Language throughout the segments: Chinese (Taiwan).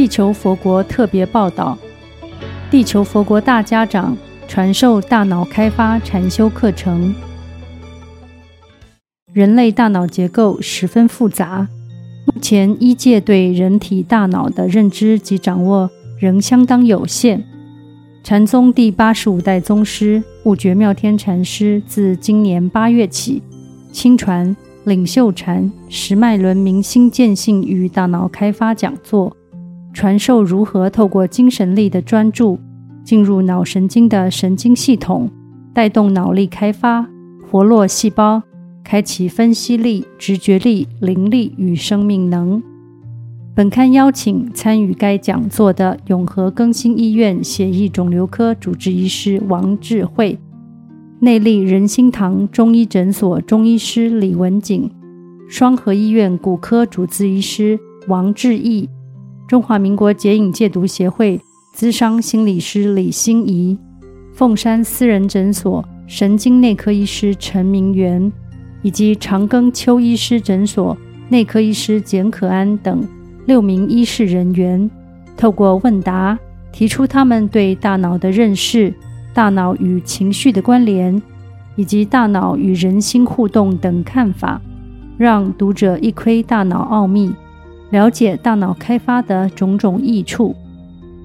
地球佛國特別報道：地球佛國大家長傳授大腦開發禪修課程。人類大腦結構十分複雜，目前醫界對人體大腦的認知及掌握仍相當有限。禪宗第八十五代宗師悟覺妙天禪師自今年八月起，親傳領袖禪十脈輪明心見性與大腦開發講座。傳授如何透過精神力的專注，進入腦神經的神經系統，帶動腦力開發，活絡細胞，開啟分析力、直覺力、靈力與生命能。本刊邀請參與該講座的永和耕莘醫院血液腫瘤科主治醫師王智慧，內壢仁心堂中醫診所中醫師李玟槿，雙和醫院骨科主治醫師王智毅。中華民國解癮戒毒協會諮商心理師李欣怡、鳳山私人診所神經內科醫師陳銘源，以及長庚邱醫師診所內科醫師簡可安等六名醫事人員，透過問答，提出他們對大腦的認識、大腦與情緒的關聯，以及大腦與人心互動等看法，讓讀者一窺大腦奧秘。了解大腦開發的種種益處。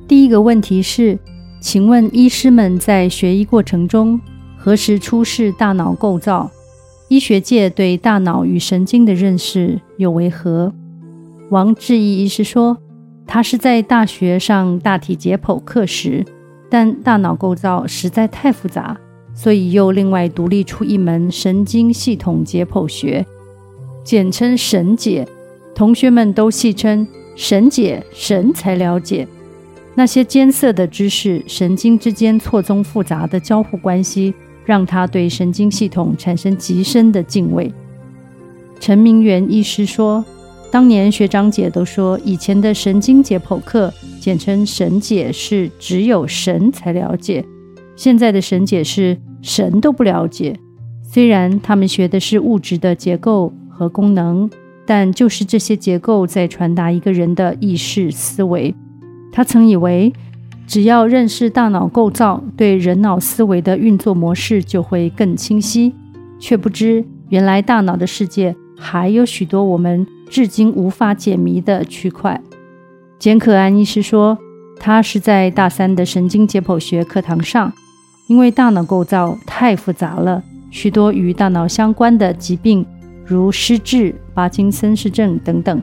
第一個問題是，請問醫師們在學醫過程中，何時初識大腦構造？醫學界對大腦與神經的認識又為何？王智毅醫師說，他是在大學上大體解剖課時，但大腦構造實在太複雜，所以又另外獨立出一門神經系統解剖學，簡稱神解。同學們都戲稱“神解”，神才了解那些艱澀的知識。神經之間錯綜複雜的交互關係，讓他對神經系統產生極深的敬畏。陳銘源醫師說：“當年學長姐都說，以前的神經解剖課，簡稱‘神解’，是只有神才了解；現在的‘神解’是神都不了解。雖然他們學的是物質的結構和功能。”但就是這些結構在傳達一個人的意識思維。他曾以為，只要認識大腦構造，對人腦思維的運作模式就會更清晰。卻不知，原來大腦的世界還有許多我們至今無法解謎的區塊。簡可安醫師說，他是在大三的神經解剖學課堂上，因為大腦構造太複雜了，許多與大腦相關的疾病。如失智、帕金森氏症等等，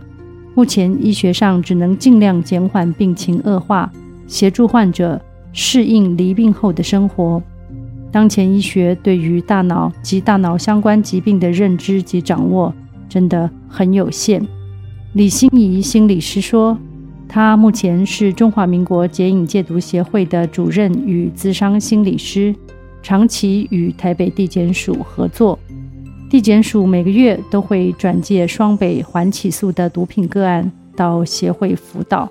目前醫學上只能盡量減緩病情惡化，協助患者適應離病後的生活。當前醫學對於大腦及大腦相關疾病的認知及掌握真的很有限。李欣怡心理師說，她目前是中華民國解癮戒毒協會的主任與諮商心理師，長期與台北地檢署合作。地檢署每個月都會轉介雙北緩起訴的毒品個案到協會輔導。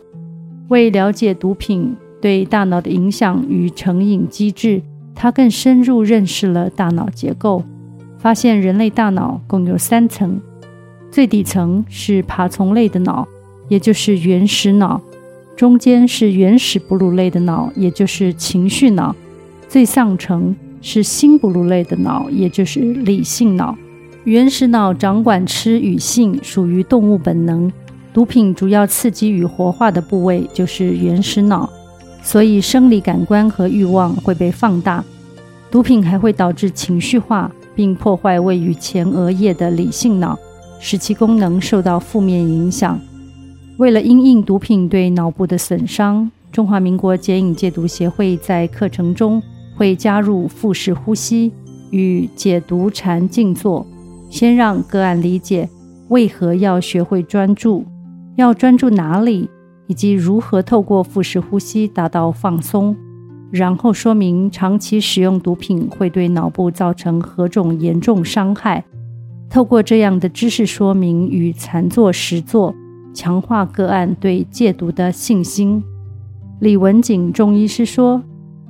為了解毒品對大腦的影響與成癮機制，他更深入認識了大腦結構，發現人類大腦共有三層：最底層是爬蟲類的腦，也就是原始腦；中間是原始哺乳類的腦，也就是情緒腦；最上層是新哺乳類的腦，也就是理性腦。原始腦掌管吃與性，屬於動物本能。毒品主要刺激與活化的部位就是原始腦，所以生理感官和慾望會被放大。毒品還會導致情緒化，並破壞位於前額葉的理性腦，使其功能受到負面影響。為了因應毒品對腦部的損傷，中華民國解癮戒毒協會在課程中會加入腹式呼吸與解毒禪靜坐。先讓個案理解為何要學會專注，要專注哪裡，以及如何透過腹式呼吸達到放鬆。然後說明長期使用毒品會對腦部造成何種嚴重傷害。透過這樣的知識說明與禪坐實坐，強化個案對戒毒的信心。李玟槿中醫師說，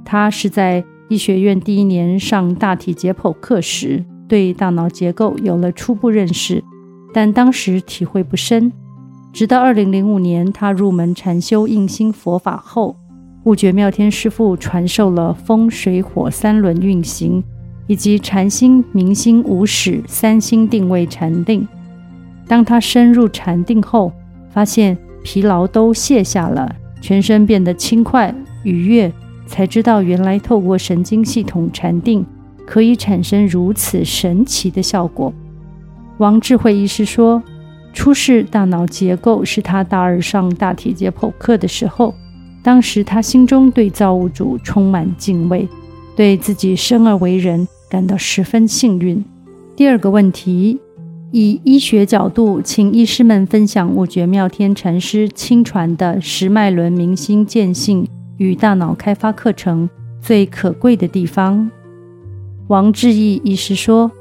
他是在醫學院第一年上大體解剖課時，對大腦結構有了初步認識，但當時體會不深。直到二零零五年，他入門禪修印心佛法後，悟覺妙天師父傳授了風、水、火三輪運行，以及禪心明心無始、三心定位禪定。當他深入禪定後，發現疲勞都卸下了，全身變得輕快愉悅，才知道原來透過神經系統禪定，可以產生如此神奇的效果。王智慧醫師說：“初識大腦結構是他大二上大體解剖課的時候，當時他心中對造物主充滿敬畏，對自己生而為人感到十分幸運。”第二個問題，以醫學角度，請醫師們分享悟覺妙天禪師親傳的十脈輪明心見性與大腦開發課程最可貴的地方。王智毅醫師說，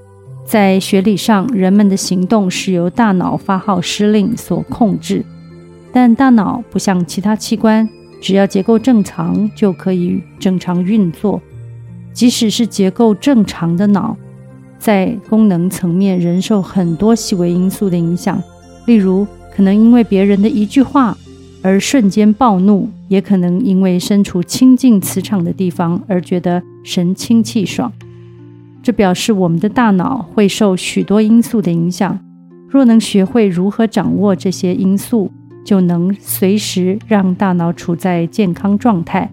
在學理上，人們的行動是由大腦發號施令所控制。但大腦不像其他器官，只要結構正常就可以正常運作。即使是結構正常的腦，在功能層面，仍受很多細微因素的影響。例如，可能因為別人的一句話而瞬間暴怒，也可能因為身處清淨磁場的地方而覺得神清氣爽。這表示我們的大腦會受許多因素的影響。若能學會如何掌握這些因素，就能隨時讓大腦處在健康狀態。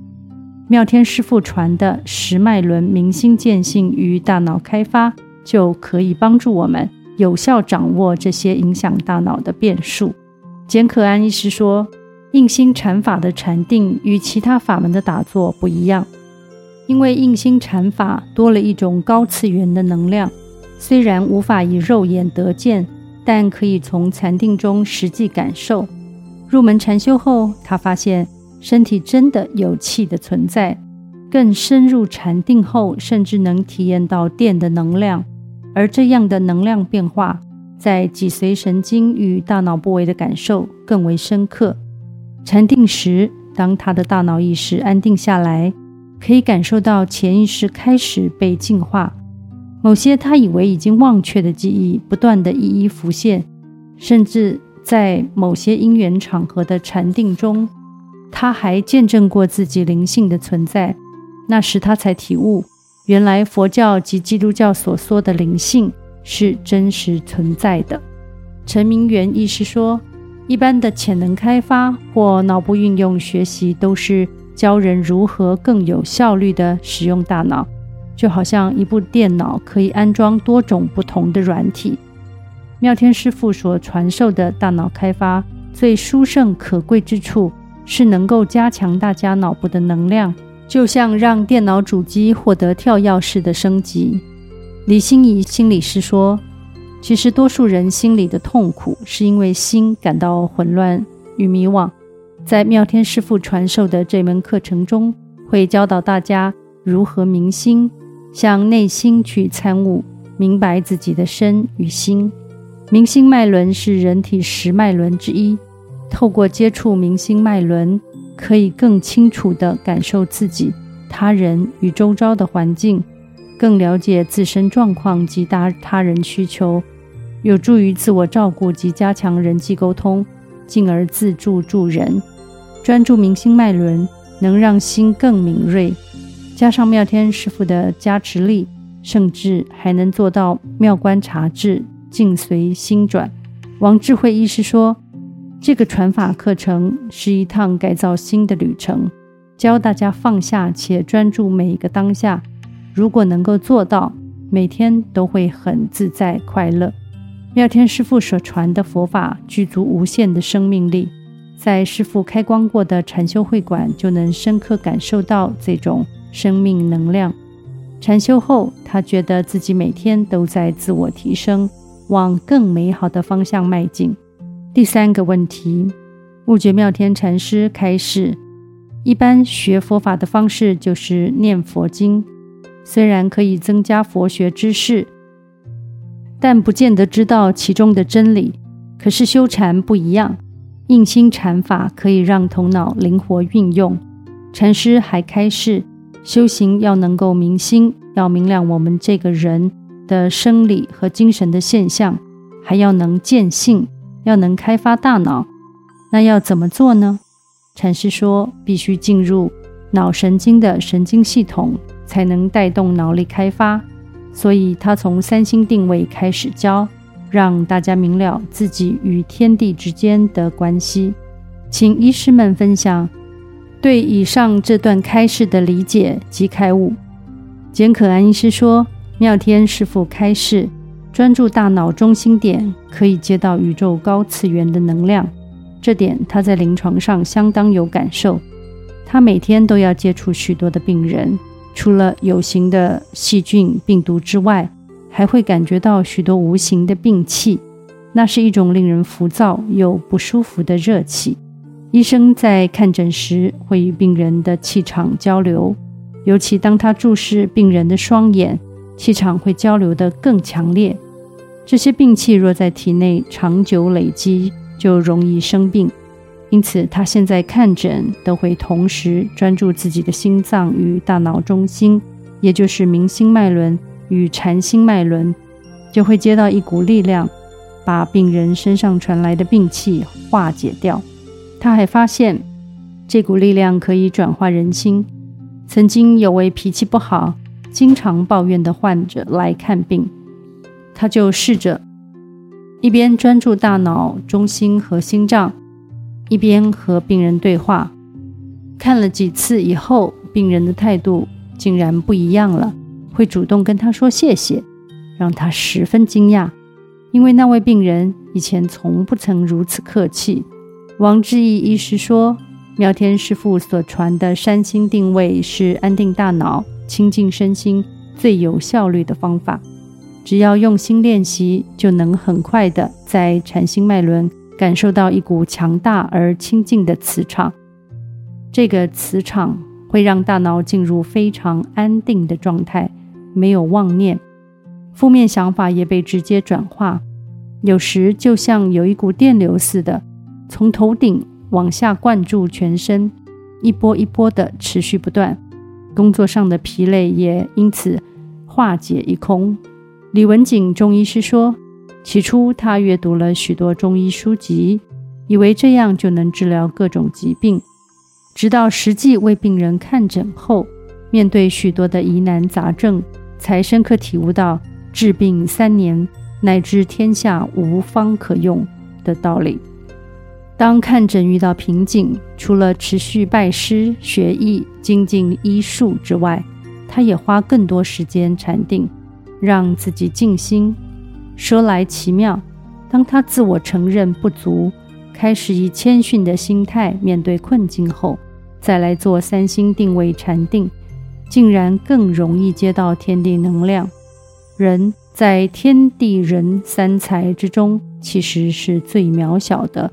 妙天師父傳的十脈輪明心見性與大腦開發，就可以幫助我們有效掌握這些影響大腦的變數。簡可安醫師說，印心禪法的禪定與其他法門的打坐不一樣。因為印心禪法多了一種高次元的能量，雖然無法以肉眼得見，但可以從禪定中實際感受。入門禪修後，他發現身體真的有氣的存在；更深入禪定後，甚至能體驗到電的能量。而這樣的能量變化，在脊髓神經與大腦部位的感受更為深刻。禪定時，當他的大腦意識安定下來，可以感受到潛意識開始被淨化，某些他以為已經忘卻的記憶不斷的一一浮現，甚至在某些因緣場合的禪定中，他還見證過自己靈性的存在。那時他才體悟，原來佛教及基督教所說的靈性是真實存在的。陳銘源意思是說，一般的潛能開發或腦部運用學習都是，教人如何更有效率地使用大腦，就好像一部電腦可以安裝多種不同的軟體。妙天師父所傳授的大腦開發，最殊勝可貴之處是能夠加強大家腦部的能量，就像讓電腦主機獲得跳躍式的升級。李欣怡心理師說，其實多數人心裡的痛苦，是因為心感到混亂與迷惘。在妙天師父傳授的這門課程中，會教導大家如何明心，向內心去參悟，明白自己的身與心。明心脈輪是人體十脈輪之一，透過接觸明心脈輪，可以更清楚地感受自己、他人與周遭的環境，更了解自身狀況及他他人需求，有助於自我照顧及加強人際溝通，進而自助助人。專注明星脈輪能讓心更敏銳，加上妙天師父的加持力，甚至還能做到妙觀察智，境隨心轉。王智慧醫師說，這個傳法課程是一趟改造心的旅程，教大家放下且專注每一個當下。如果能夠做到，每天都會很自在快樂。妙天師父所傳的佛法具足無限的生命力。在師父開光過的禪修會館，就能深刻感受到這種生命能量。禪修後，他覺得自己每天都在自我提升，往更美好的方向邁進。第三個問題，悟覺妙天禪師開示：一般學佛法的方式就是念佛經，雖然可以增加佛學知識，但不見得知道其中的真理。可是修禪不一樣。印心禪法可以讓頭腦靈活運用。禪師還開示，修行要能夠明心，要明亮我們這個人的生理和精神的現象，還要能見性，要能開發大腦。那要怎麼做呢？禪師說，必須進入腦神經的神經系統，才能帶動腦力開發。所以，他從三星定位開始教。讓大家明了自己與天地之間的關係，請醫師們分享對以上這段開示的理解及開悟。簡可安醫師說，妙天師父開示，專注大腦中心點可以接到宇宙高次元的能量，這點他在臨床上相當有感受。他每天都要接觸許多的病人，除了有形的細菌、病毒之外。還會感覺到許多無形的病氣，那是一種令人浮躁又不舒服的熱氣。醫生在看診時會與病人的氣場交流，尤其當他注視病人的雙眼，氣場會交流得更強烈。這些病氣若在體內長久累積，就容易生病。因此，他現在看診都會同時專注自己的心臟與大腦中心，也就是明星脈輪。與禪心脈輪，就會接到一股力量，把病人身上傳來的病氣化解掉。他還發現，這股力量可以轉化人心。曾經有位脾氣不好、經常抱怨的患者來看病，他就試着一邊專注大腦中心和心臟，一邊和病人對話。看了幾次以後，病人的態度竟然不一樣了。會主動跟他說謝謝，讓他十分驚訝，因為那位病人以前從不曾如此客氣。王智毅醫師說，妙天師父所傳的山心定位是安定大腦、清靜身心最有效率的方法。只要用心練習，就能很快地在禪心脈輪感受到一股強大而清靜的磁場，這個磁場會讓大腦進入非常安定的狀態。沒有妄念，負面想法也被直接轉化，有時就像有一股電流似的，從頭頂往下灌注全身，一波一波的持續不斷。工作上的疲累也因此化解一空。李玟槿中醫師說，起初他閱讀了許多中醫書籍，以為這樣就能治療各種疾病，直到實際為病人看診後，面對許多的疑難雜症。才深刻體悟到治病三年乃至天下無方可用的道理。當看診遇到瓶頸，除了持續拜師學藝、精進醫術之外，他也花更多時間禪定，讓自己靜心。說來奇妙，當他自我承認不足，開始以謙遜的心態面對困境後，再來做三星定位禪定。竟然更容易接到天地能量。人在天地人三才之中，其實是最渺小的。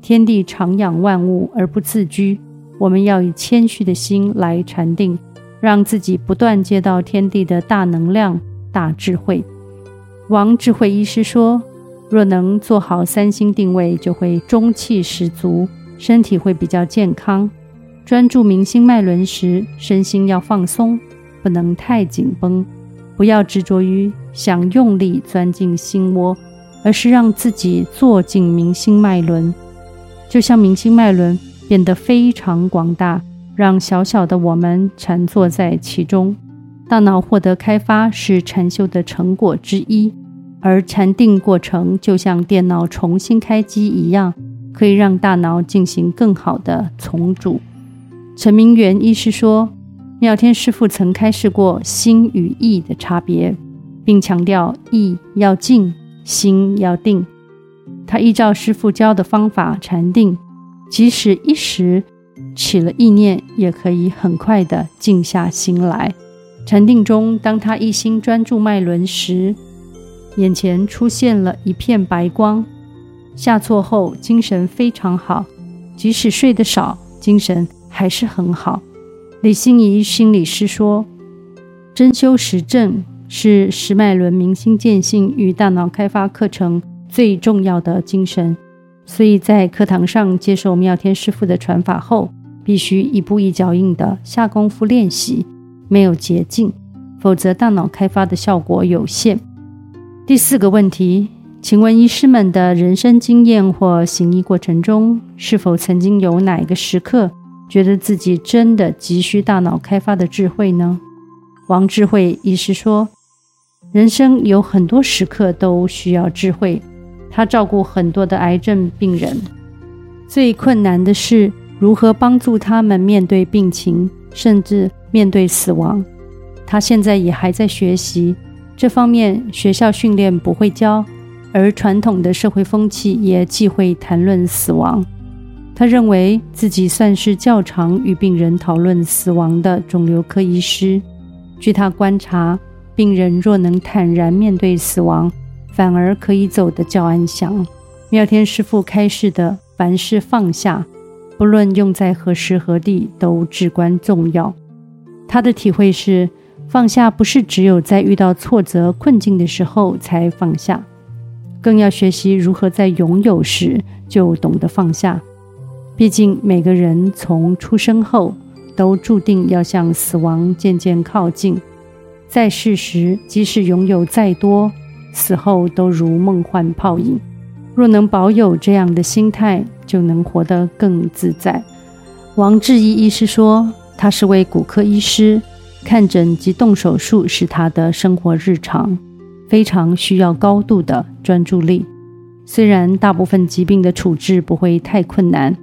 天地長養萬物而不自居，我們要以謙虛的心來禪定，讓自己不斷接到天地的大能量、大智慧。王智慧醫師說，若能做好三星定位，就會中氣十足，身體會比較健康。專注明心脈輪時，身心要放鬆，不能太緊繃，不要執着於想用力鑽進心窩，而是讓自己坐進明心脈輪，就像明心脈輪變得非常廣大，讓小小的我們禪坐在其中。大腦獲得開發是禪修的成果之一，而禪定過程就像電腦重新開機一樣，可以讓大腦進行更好的重組。陳明元醫師說，妙天師父曾開示過心與意的差別，並強調意要靜，心要定。他依照師父教的方法禪定，即使一時起了意念，也可以很快地靜下心來。禪定中，當他一心專注脈輪時，眼前出現了一片白光，下座後精神非常好，即使睡得少，精神還是很好。李欣怡心理師說：“真修實證是十脈輪明心見性與大腦開發課程最重要的精神，所以在課堂上接受妙天師父的傳法後，必須一步一腳印地下功夫練習，沒有捷徑，否則大腦開發的效果有限。”第四個問題，請問醫師們的人生經驗或行醫過程中，是否曾經有哪一個時刻？覺得自己真的急需大腦開發的智慧呢？王智慧醫師說，人生有很多時刻都需要智慧。他照顧很多的癌症病人，最困難的是如何幫助他們面對病情，甚至面對死亡。他現在也還在學習這方面，學校訓練不會教，而傳統的社會風氣也忌諱談論死亡。他認為自己算是較常與病人討論死亡的腫瘤科醫師。據他觀察，病人若能坦然面對死亡，反而可以走得較安詳。妙天師父開示的“凡事放下”，不論用在何時何地都至關重要。他的體會是，放下不是只有在遇到挫折困境的時候才放下，更要學習如何在擁有時就懂得放下。畢竟，每個人從出生後都注定要向死亡漸漸靠近，在世時即使擁有再多，死後都如夢幻泡影。若能保有這樣的心態，就能活得更自在。王智毅醫師說，他是位骨科醫師，看診及動手術是他的生活日常，非常需要高度的專注力。雖然大部分疾病的處置不會太困難。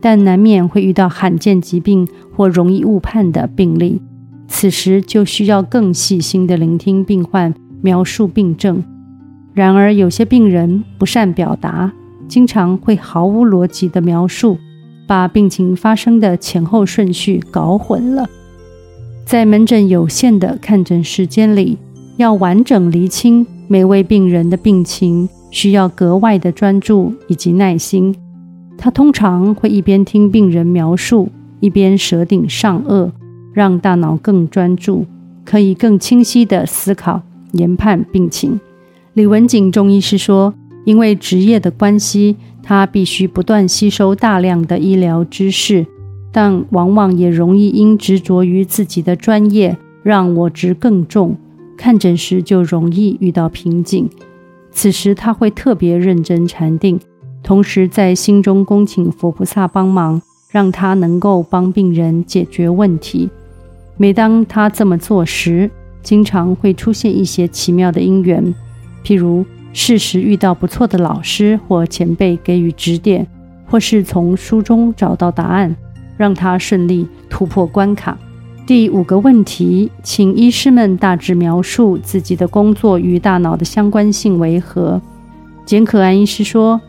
但難免會遇到罕見疾病或容易誤判的病例，此時就需要更細心的聆聽病患描述病症。然而，有些病人不善表達，經常會毫無邏輯的描述，把病情發生的前後順序搞混了。在門診有限的看診時間裡，要完整釐清每位病人的病情，需要格外的專注以及耐心。他通常會一邊聽病人描述，一邊舌頂上顎，讓大腦更專注，可以更清晰地思考、研判病情。李玟槿中醫師說：“因為職業的關係，他必須不斷吸收大量的醫療知識，但往往也容易因執着於自己的專業，讓我執更重。看診時就容易遇到瓶頸，此時他會特別認真禪定。”同時在心中恭請佛菩薩幫忙，讓他能夠幫病人解決問題。每當他這麼做時，經常會出現一些奇妙的因緣，譬如適時遇到不錯的老師或前輩給予指點，或是從書中找到答案，讓他順利突破關卡。第五個問題，請醫師們大致描述自己的工作與大腦的相關性為何？簡可安醫師說。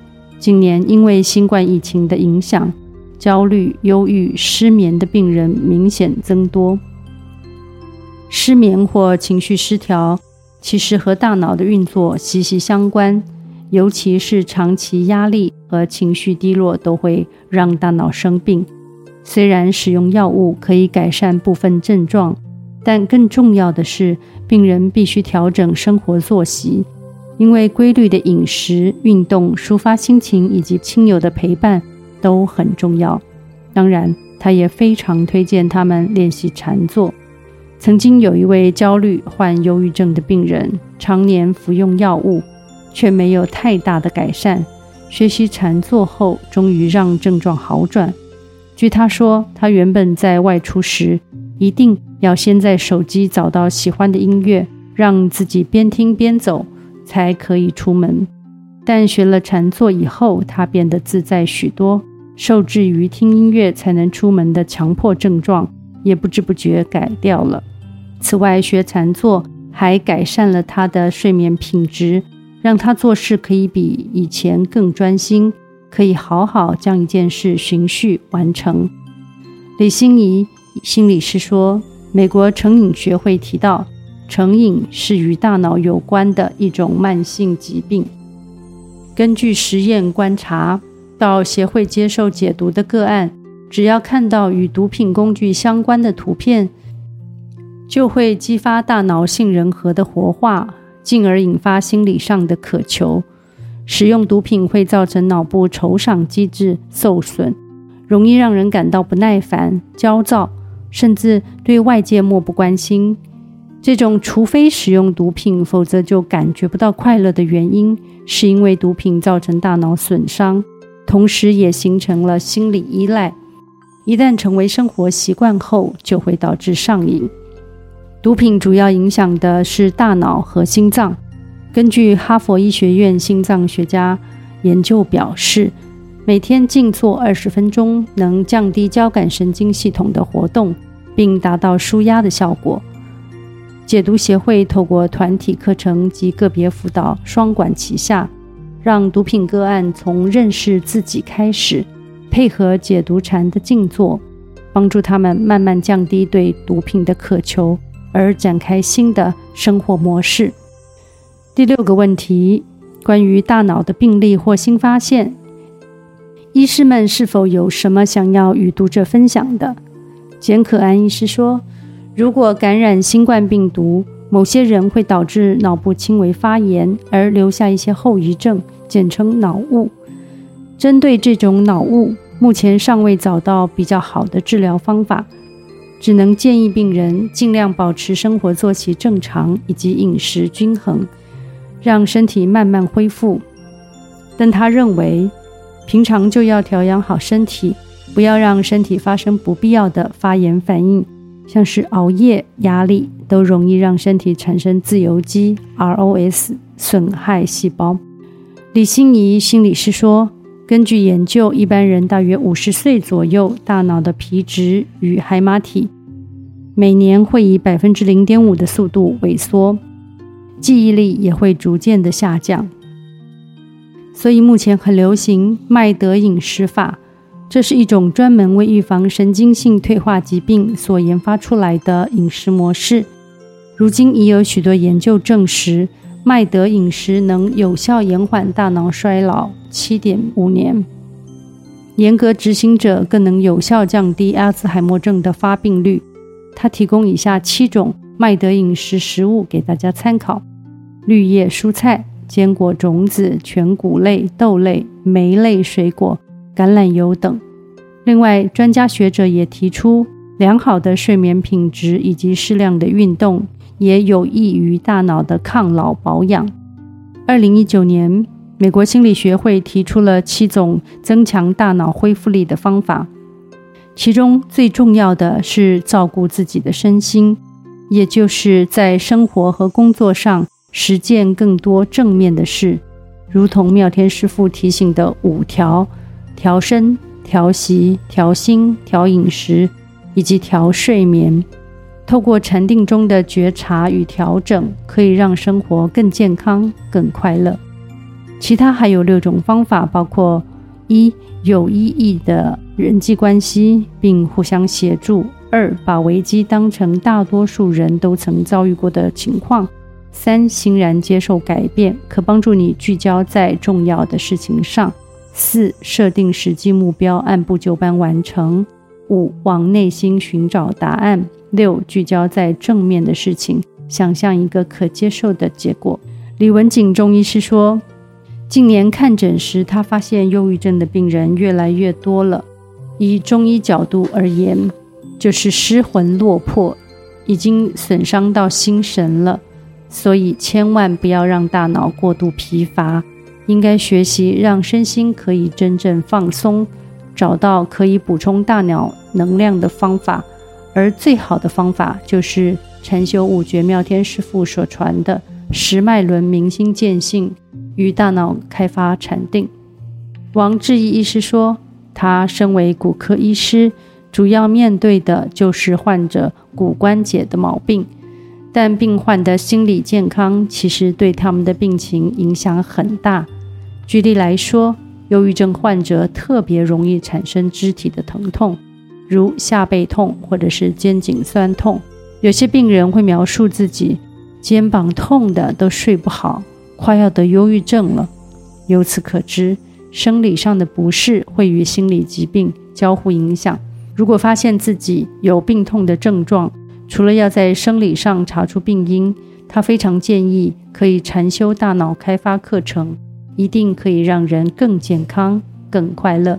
近年因為新冠疫情的影響，焦慮、憂鬱、失眠的病人明顯增多。失眠或情緒失調，其實和大腦的運作息息相關，尤其是長期壓力和情緒低落都會讓大腦生病。雖然使用藥物可以改善部分症狀，但更重要的是，病人必須調整生活作息。因為規律的飲食、運動、抒發心情以及親友的陪伴都很重要。當然，他也非常推薦他們練習禪坐。曾經有一位焦慮患憂鬱症的病人，常年服用藥物，卻沒有太大的改善。學習禪坐後終於讓症狀好轉。據他說，他原本在外出時，一定要先在手機找到喜歡的音樂，讓自己邊聽邊走。才可以出門，但學了禪坐以後，他變得自在許多，受制於聽音樂才能出門的強迫症狀，也不知不覺改掉了。此外，學禪坐還改善了他的睡眠品質，讓他做事可以比以前更專心，可以好好將一件事循序完成。李欣怡心理師說，美國成癮學會提到，成癮是與大腦有關的一種慢性疾病。根據實驗觀察，到協會接受解毒的個案，只要看到與毒品工具相關的圖片，就會激發大腦杏仁核的活化，進而引發心理上的渴求。使用毒品會造成腦部酬賞機制受損，容易讓人感到不耐煩、焦躁，甚至對外界漠不關心。這種除非使用毒品，否則就感覺不到快樂的原因，是因為毒品造成大腦損傷，同時也形成了心理依賴。一旦成為生活習慣後，就會導致上癮。毒品主要影響的是大腦和心臟。根據哈佛醫學院心臟學家研究表示，每天靜坐二十分鐘，能降低交感神經系統的活動，並達到舒壓的效果。解毒協會透過團體課程及個別輔導雙管齊下，讓毒品個案從認識自己開始，配合解毒禪的靜坐，幫助他們慢慢降低對毒品的渴求，而展開新的生活模式。第六個問題，關於大腦的病例或新發現，醫師們是否有什麼想要與讀者分享的？簡可安醫師說。如果感染新冠病毒，某些人會導致腦部輕微發炎，而留下一些後遺症，簡稱“腦霧”。針對這種腦霧，目前尚未找到比較好的治療方法，只能建議病人盡量保持生活作息正常以及飲食均衡，讓身體慢慢恢復。但他認為，平常就要調養好身體，不要讓身體發生不必要的發炎反應。像是熬夜、壓力，都容易讓身體產生自由基 （ROS），損害細胞。李欣怡心理師說，根據研究，一般人大約五十歲左右，大腦的皮質與海馬體每年會以百分之零點五的速度萎縮，記憶力也會逐漸的下降。所以目前很流行麥德飲食法。這是一種專門為預防神經性退化疾病所研發出來的飲食模式。如今已有許多研究證實，麥德飲食能有效延緩大腦衰老七點五年。嚴格執行者更能有效降低阿茲海默症的發病率。它提供以下七種麥德飲食食物給大家參考：綠葉蔬菜、堅果、種子、全谷類、豆類、莓類水果。橄欖油等。另外，專家學者也提出，良好的睡眠品質以及適量的運動也有益於大腦的抗老保養。二零一九年，美國心理學會提出了七種增強大腦恢復力的方法，其中最重要的是照顧自己的身心，也就是在生活和工作上實踐更多正面的事，如同妙天師父提醒的五條。調身、調息、調心、調飲食，以及調睡眠。透過禪定中的覺察與調整，可以讓生活更健康、更快樂。其他還有六種方法，包括：一、有意義的人際關係，並互相協助；二、把危機當成大多數人都曾遭遇過的情況；三、欣然接受改變，可幫助你聚焦在重要的事情上。四、設定實際目標，按部就班完成。五、往內心尋找答案。六、聚焦在正面的事情，想象一個可接受的結果。李玟槿中醫師說，近年看診時，他發現憂鬱症的病人越來越多了。以中醫角度而言，就是失魂落魄，已經損傷到心神了，所以千萬不要讓大腦過度疲乏。應該學習讓身心可以真正放鬆，找到可以補充大腦能量的方法，而最好的方法就是禪修悟覺妙天師父所傳的十脈輪明心見性與大腦開發禪定。王智毅醫師說，他身為骨科醫師，主要面對的就是患者骨關節的毛病。但病患的心理健康其實對他們的病情影響很大。舉例來說，憂鬱症患者特別容易產生肢體的疼痛，如下背痛或者是肩頸痠痛。有些病人會描述自己肩膀痛得都睡不好，快要得憂鬱症了。由此可知，生理上的不適會與心理疾病交互影響。如果發現自己有病痛的症狀，除了要在生理上查出病因，他非常建議可以禪修大腦開發課程，一定可以讓人更健康、更快樂。